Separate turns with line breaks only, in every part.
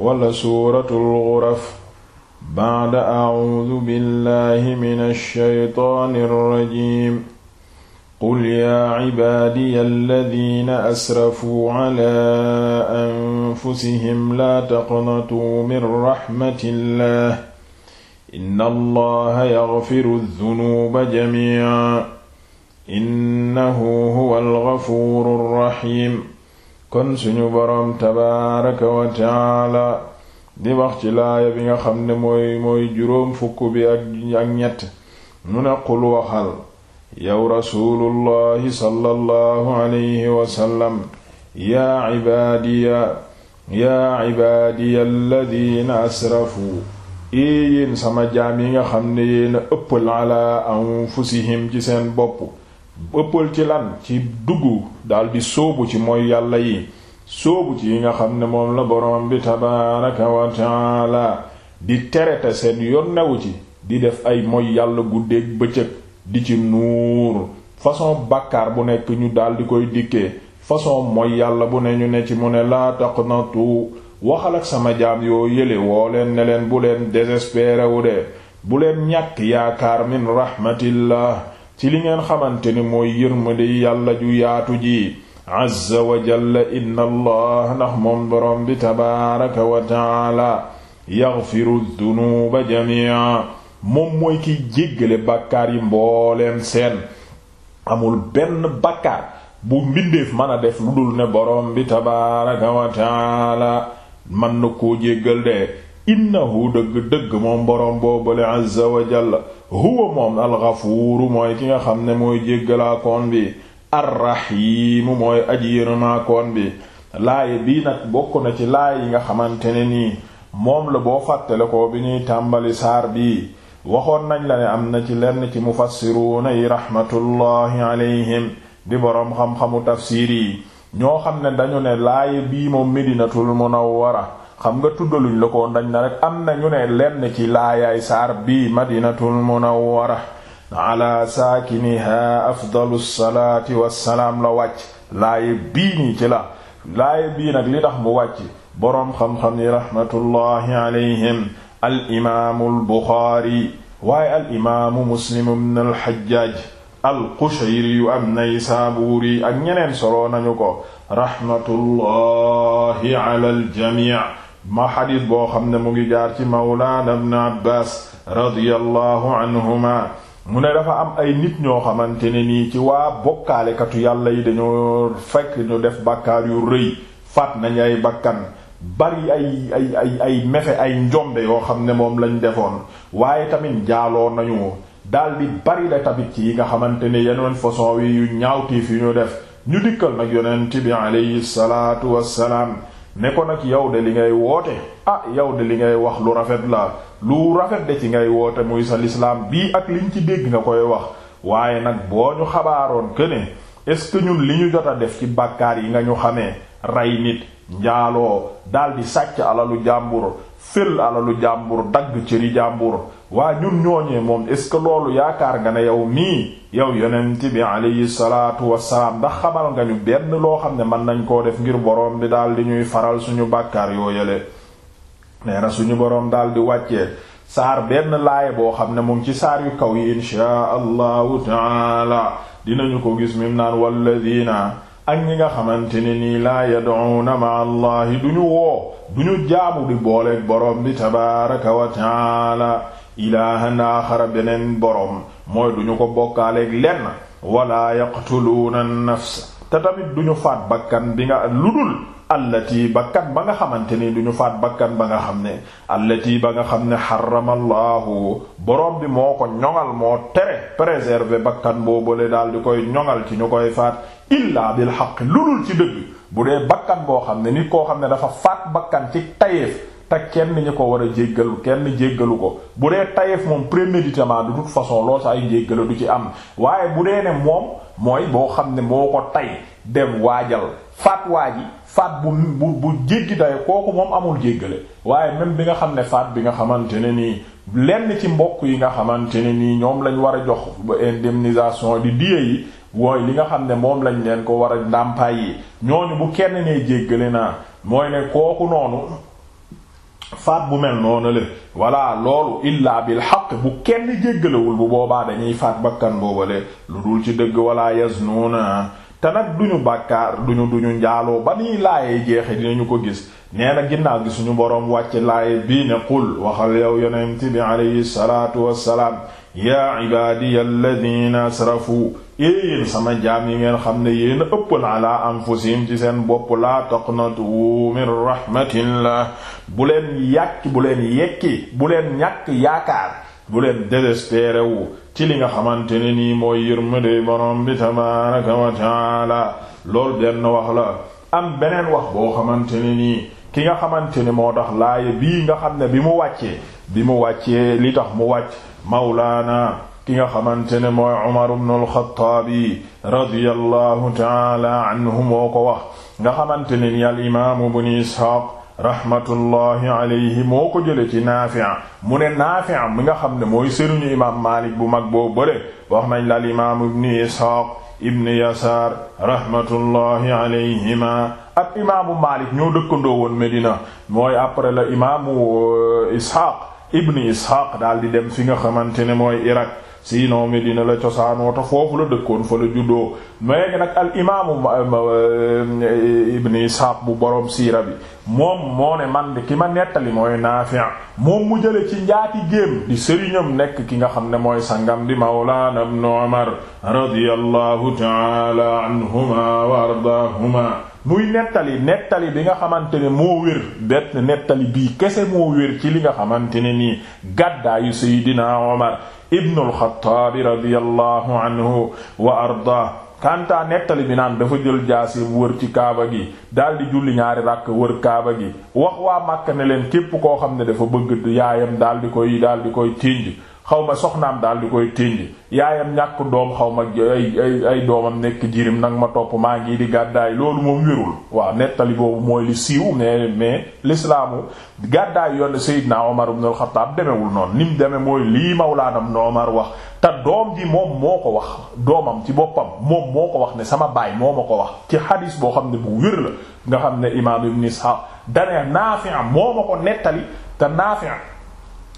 wala suuratul ghuraf ba'da a'uudu billahi minash shaytaanir rajiim qul yaa cibaadiya alladiina asrafuu calaa anfusihim laa taqnatuu min raxmatillaah inna allaha yaghfiru dunuuba jamiican innahu huwal ghafuurur raxiim kon suñu boroom tabaaraka wa taala di wax bi nga xam ne mooy mooy juróom fukk bi ak ñett mu ne qul waxal yow rasuulullahi sallallahu alayhi wasallam yaa ibaadiya yaa ibaadiya alladina asrafu ii yéen sama jaam yi nga xam ne yéena ëppal ala anfusihim ci seen bopp ëppal ci lan ci dugg daldi sóobu ci mooy yàlla yi sóobu ci yi nga xam ne moom la borom bi tabaaraka wa taala di terete seen yoon newu ci di def ay mooy yàlla guddeeg bëccëg di ci nuur façon bàkkaar bu nekk ñu daldi koy dikkee façon mooy yàlla bu ne ñu ne ci mu ne laa taqnatu waxal ak sama jaam yoo yéle woo leen ne leen bu leen désespéré wu de bu leen ñàkk yaakaar min rahmatillah ci li ngeen xamante ni mooy yërmande yàlla ju yaatu ji azza wa jalla inna allah ndax moom boroom bi tabaaraka wa taala yaghfiru dunuuba jamia moom mooy kiy jéggale bàkkaar yi mbooleem seen amul benn bàkkaar bu mbindeef mën a def lu dul ne boroom bi tabaaraka wa taala mën na koo jéggal de innahu dëgg dëgg moom boroom boobale azza wa jalla huwa moom alxafuuru mooy ki nga xam ne mooy jéggalaakoon bi arrahiimu mooy aji yërëmaakoon bi laaye bii nag bokk na ci laay yi nga xamante ne nii moom la boo fàttale ko bi ñuy tàmbali saar bii waxoon nañ la ne am na ci lenn ci mufassiruuna yi raxmatullaahi alayhim di boroom xam-xamu tafsiir yi ñoo xam ne dañu ne laay bii moom medinatul munawwara xam nga tuddaluñ la ko dañ na rek am na ñu ne lenn ci laayaay saar bii madinatul munawwara ala saakiniha afdalu salaati wassalaam la wàcc laaye bii nii ci la laaye bii nag li tax mu wàcc boroom xam-xam yi rahmatullahi alayhim al imaamu al buxaari waaye al imaamu muslim ibn al hajjaaj al qushayri am naysaabuuri ak ñeneen solo nañu ko rahmatullahi ala al ma xadis boo xam ne mu ngi jaar ci mawlaana ibn Abbaas radiyallahu anhuma mu ne dafa am ay nit ñoo xamante ne nii ci waa bokkaalekatu yàlla yi dañoo fekk ñu def bàkkaar yu rëy faat nañ ay bakkan bari ay ay ay ay mefe ay njombe yoo xam ne moom lañ defoon waaye tamit jaaloo nañu daal di bari la tamit ci yi nga xamante ne yeneen façon yi yu ñaawtiif yi ñu def ñu dikkal nag yonent bi alayhi salaatu wassalaam ne ko nag yow de li ngay woote ah yow de li ngay wax lu rafet la lu rafet de ci ngay woote muy sa lislaam bii ak liñ ci dégg nga koy wax waaye nag boo ñu xabaaroon que ne est-ce que ñun li ñu jot a def ci bàkkaar yi nga ñu xamee rey nit njaaloo daldi sàcc alalu jàmbur fël alalu jàmbur dagg cëri jàmbur waa ñun ñooñee moom est ce que loolu yaakaar nga ne yow mii yow yonent bi alayhi salaatu wassalaam ndax xamal nga ñu benn loo xam ne mën nañ koo def ngir boroom bi daal di ñuy faral suñu bàkkaar yooyale nee na suñu boroom daal di wàccee saar benn laay boo xam ne mu ci saar yu kaw yi inshaa allahu taala dinañu ko gis mim naan walladina ak ñi nga xamante ni nii laa yad'una ma allahi duñu woo du ñu jaamu bi booleeg boroom bi tabaraka wa taala ilaahan aaxara beneen borom mooy duñu ko bokkaaleeg lenn wala yaqtuluuna nafs te tamit duñu faat bakkan bi nga ludul allati bakkan ba nga xamante ni duñu faat bakkan ba nga xam ne allati ba nga xam ne xaramallahu boroom bi moo ko ñoŋal moo tere préserver bakkan boobale daal di koy ñoŋal ci ñu koy faat illaa bil xaq lulul ci dëgg bu dee bakkan boo xam ne nit koo xam ne dafa faat bakkan ci tayeef te kenn ñi ko war a jéggalu kenn jéggalu ko bu dee tayeef moom préméditement du toute façon loo sa ay jéggala du ci am waaye bu dee ne moom mooy boo xam ne moo ko tay dem waajal faat waa ji faat bu bu bu day kooku moom amul jéggale waaye même bi nga xam ne faat bi nga xamante ne nii lenn ci mbokk yi nga xamante ne nii ñoom lañ war a jox indemnisation di diye yi wooy li nga xam ne moom lañ leen ko war a ndàmpaay yi ñooñu bu kenn ne jéggale naa mooy ne kooku noonu faat bu mel noonu le walla loolu illaa bil xaq bu kenn jéggalewul bu boobaa dañuy faat bakkan boobale lu dul ci dëgg walla yasnuuna te nag duñu bàkkaar duñu duñu njaaloo ba nii laayee jeexe dinañu ko gis nee na ginnaaw gi suñu boroom wàcce laaye bii ne qul waxal yow yonent bi alayhi salaatu wassalaam yaa ibaadiya alladina asrafu yéen sama jaam yi ngeen xam ne yéen a ëppal ala anfusihim ci seen bopp laa taqnatu min rahmatillah bu leen yàkk bu leen yekki bu leen ñàkk yaakaar bu leen désespéré wu ci li nga xamante ne nii mooy yërmande borom bi tabaraka wa taala lool benn wax la am beneen wax boo xamante ne nii ki nga xamante ne moo tax laaya bii nga xam ne bi mu wàccee bi mu wàccee li tax mu wàcc mawlaana ki nga xamante ne mooy Umar ibn al-Khattabi radiyallahu ta'ala anhu moo ko wax nga xamante ne ni al imaam ibn Ishaq rahmatullahi alayhi moo ko jële ci Naafi' mu ne Naafi' mi nga ne mooy sëriñu imaam bu mag boo bële wax nañ la imaam ibn Isaaq ibn Yasaar rahmatullahi alayhima ak imaamu Maalik ñoo dëkkandoo woon Medina mooy euh, daal di dem fi nga xamante ne mooy Irak sinon Medina la cosaan wota foofu la dëkkoon fa la juddoo léegi nag al imaamu eh, Ibn Ishaq bu borom siira bi moom moo ne man de ki ma nettali mooy Naafi' moom mu jële ci njaati géem di sëriñam nekk ki nga xam ne mooy sangam di Mawlaana Ibn Umar radiyallahu ta'ala anhuma wa ardaahuma muy nettali nettali bi nga xamante ne moo wér bet nettali bii kese moo wér ci li nga xamante ne nii gàddaayu seydina omar ibnul xattaabi radiyallahu anhu wa nettali bi naan dafa jël jaasim wër ci kaaba gi daldi julli ñaari ràkk wër kaaba gi wax waa màkk ne leen képp koo xam ne dafa bëgg yaayam daldi koy daldi koy tinj xaw ma soxnaam daal di koy ténji yaayam ñàkk doom xaw ma ay ay doomam nekk jirim nag ma topp maa ngi di gàddaay loolu moom wérul waaw nettali boobu mooy li siiw mais mais l'islaamu gàddaay yoon Seydina Omar ibn al-Khattab demewul noonu ni mu demee mooy lii mawlaanam Omar wax te doom ji moom moo ko wax doomam ci boppam moom moo ko wax ne sama baay moo ma ko wax ci xadis boo xam ne bu wir la nga xam ne imaam Ibn Ishaq dane Naafi' moo ma ko nettali te Naafi'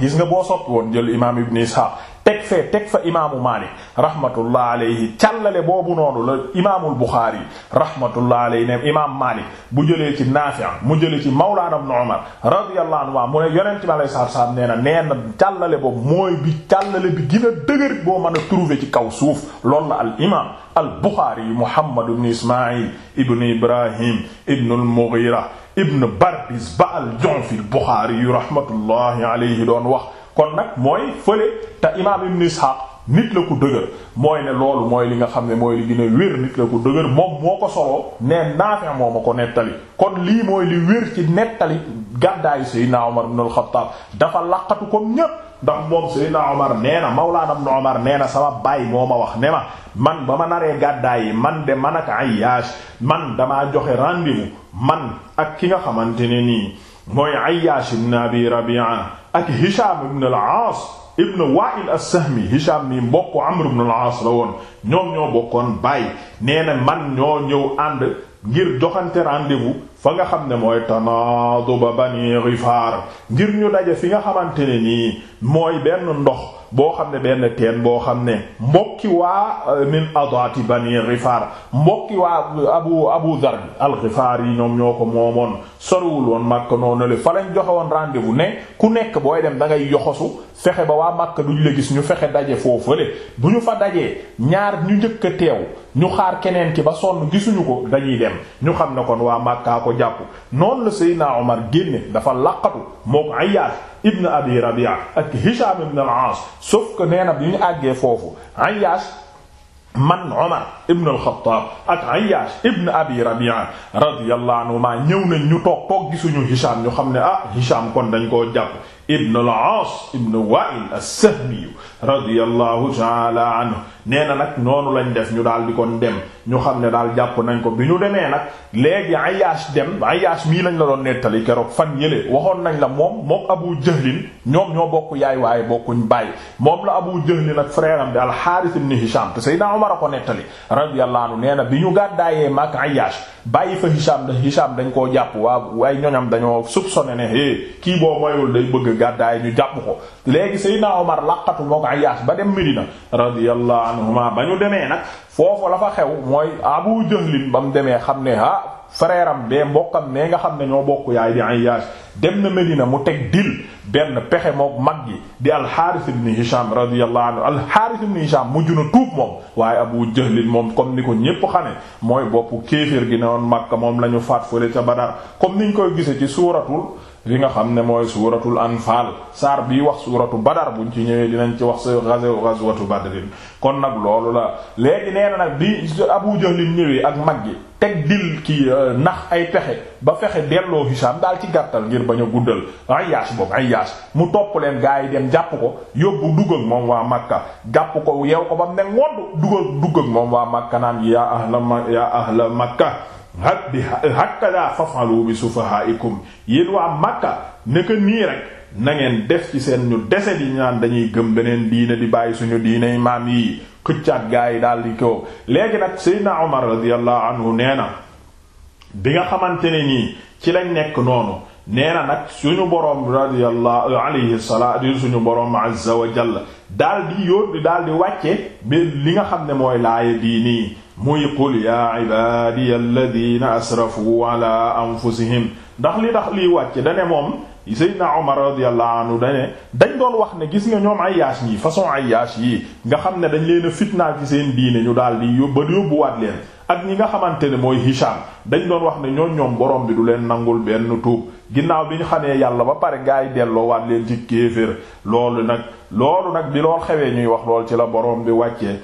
gis nga boo sopp woon jël imaam ibne Ishaq teg fee teg fa imaamu Maalik rahmatullah alayhi càllale boobu noonu la imaamul Buxaari rahmatullah alayhi ne imaam Maalik bu jëlee ci Naafi' mu jëlee ci Mawlaana Ibn Umar radiyallahu anhu mu ne yonent bi alayhi salaam nee na nee na càllale boobu mooy bi càllale bi gën a dëgër boo mën a trouver ci kaw suuf loolu la al imaam al Buxaari Muhammad ibn Ismaa'il ibn Ibrahim ibn al-Mughira ibn Bardizbah al-Ju'fi al-Buxaari rahmatullahi alayhi doon wax. kon nag mooy fële te imaam ibn Ishaq nit la ko dëgër mooy ne loolu mooy li nga xam ne mooy li gën a wér nit la ku dëgër moom moo ko soloo ne Naafi' moo ma ko nettali kon lii mooy li wér ci nettali gàddaayu Seydina Omar ibn al-Khattab dafa laqatu comme ñépp ndax moom Seydina Omar nee na Mawlaana ibn Omar nee na sama baay moo ma wax ne ma man ba ma naree gàddaay yi man de man ak Ayyaash man damaa joxe rendez man ak ki nga xamante ne nii mooy Ayyash ibn Abi Rabi'a ak Hisham ibn al-Aas ibn Wa'il as-Sahmi Hisham mi mbokk Amr ibn al-Aas la woon ñoom ñoo bokkoon bàyyi nee na man ñoo ñëw ànd ngir doxante rendez-vous fa nga xam ne mooy tanaaduba bani rifaar ngir ñu daje fi nga xamante ne nii mooy benn ndox boo xam ne benn teen boo xam ne mbokki waa euh, min adaati bani rifaar mbokki waa abu abu dhar al-rifaar yi ñoom ñoo ko moomoon soriwul woon Makka noonu le fa lañ joxe woon rendez-vous ne ku nekk booy dem da ngay yoxosu fexe ba waa Makka duñ la gis ñu fexe daje foofale bu ñu fa dajee ñaar ñu njëkk a teew ñu xaar keneen ki ba sonn gisuñu ko dañuy dem ñu xam ne kon waa Makka ko ko jàpp noonu la Seydina Omar génne dafa laqatu mook Ayyash ibn Abi Rabia ak Hisham ibn al-As sauf que nee na bi ñu àggee foofu Ayyash man Omar ibn al-Khattab ak Ayyash ibn Abi Rabi'a radiyallahu anhu ñëw nañ ñu toog toog gisuñu Hisham ñu xam ne ah Hisham kon dañ koo jàpp ibn al-Aas ibn Wa'il as-Sahmi radiyallahu ta'ala anhu nee na nag noonu lañ def ñu daal di ko dem ñu xam ne daal jàpp nañ ko bi ñu demee nag léegi Ayyash dem Ayyash mii lañ la doon nettali keroog fan yële waxoon nañ la moom moom Abu Jahlin ñoom ñoo bokk yaay waaye bokkuñ bàyyi moom la Abu Jahlin ak frère am bi al-Harith ibn Hisham te Seydina Umar a ko nettali radiyallahu anhu nee na bi ñu gàddaayee mag Ayyash bàyyi fa Hisham da Hisham dañ koo jàpp waa waaye ñoñam dañoo koy gàddaay ñu jàpp ko léegi Seydina Omar laqatu moo ko Ayyaas ba dem Medina radiyallahu anhuma ba ñu demee nag foofu la fa xew mooy Abu Jahlin ba mu demee xam ne ah frère am bee mbokkam nee nga xam ne ñoo bokk yaay di Ayyaas dem na Medina mu teg dil benn pexe moom mag gi di al-Harith ibn Hisham radiyallahu anhu al-Harith ibn Hisham mujj na tuub moom waaye Abu Jahlin moom comme ni ko ñépp xamee mooy boppu kéefër gi ne woon Makka moom la ñu faat fële ca Badar comme ñu koy gisee ci suuratul li nga xam ne mooy suuratul anfaal saar bii wax suuratu badar buñ ci ñëwee dinañ ci wax sa gazo gazwatu badrin kon nag loolu la léegi nee nag bi Abu Jahl ñëwee ak mag gi teg dil ki euh, nax ay pexe ba fexe delloo Hicham daal ci gàttal ngir ba a guddal Ayyaas boobu Ayyaas mu topp leen gaa yi dem jàpp ko yóbbu dugg ak moom waa Makka jàpp ko yeew ko ba mu ne ngodd dugg dugg ak moom waa Makka naan yaa ahla ya Makka hat bi hakada fafalu bi sufahaikum yéen waa Makka naka nii rek na ngeen def ci seen ñu dese di ñaan dañuy gëm beneen diine di bàyyi suñu diine maam yi xëccaat gaa yi daal di ko léegi nag Seydina Omar radiyallahu nee na bi nga xamante ni nii ci lañ nekk noonu nee na nag suñu boroom radiyallahu alayhi salaatu suñu boroom azza wa daal di yóbbu wàcce bi li nga xam ne mooy laaya bii nii. muy qul yaa ibaadiya alladina asrafu ala anfusihim ndax li tax liy wàcc dane moom Seydina Omar radiyallahu anhu dane dañ doon wax ne gis nga ñoom ayyaas yi façon ayyaas yi nga xam ne dañ leen a fitnaa ci seen diine ñu daal di yóbba yóbbuwaat leen ak ñi nga xamante ne mooy Hisham dañ doon wax ne ñoom ñoom boroom bi du leen nangul benn tuub ginnaaw bi ñu xamee yàlla ba pare gaa yi delloowaat leen ci kéeféer loolu nag loolu nag bi lool xewee ñuy wax lool ci la boroom bi wàccee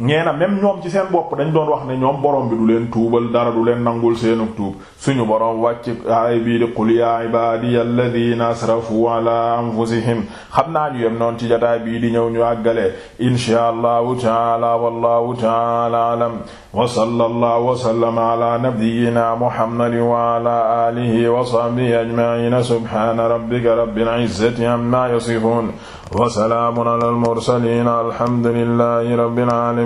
ñee na même ñoom ci seen bopp dañ doon wax ne ñoom borom bi du leen tuubal dara du leen nangul seenu tuub suñu borom wàcc ay bii di qul ya ibadiya alladhina asrafu ala anfusihim xam naa ñu yem noonu ci jotaay bii di ñëw ñu àggalee inshaa allahu taala wallahu taala alam wa sallallahu wa sallama ala nabiyyina muhammadin wa ala alihi wa sahbihi ajma'in subhana rabbika rabbil izzati amma yasifun wa salamun ala al mursalin alhamdulillahi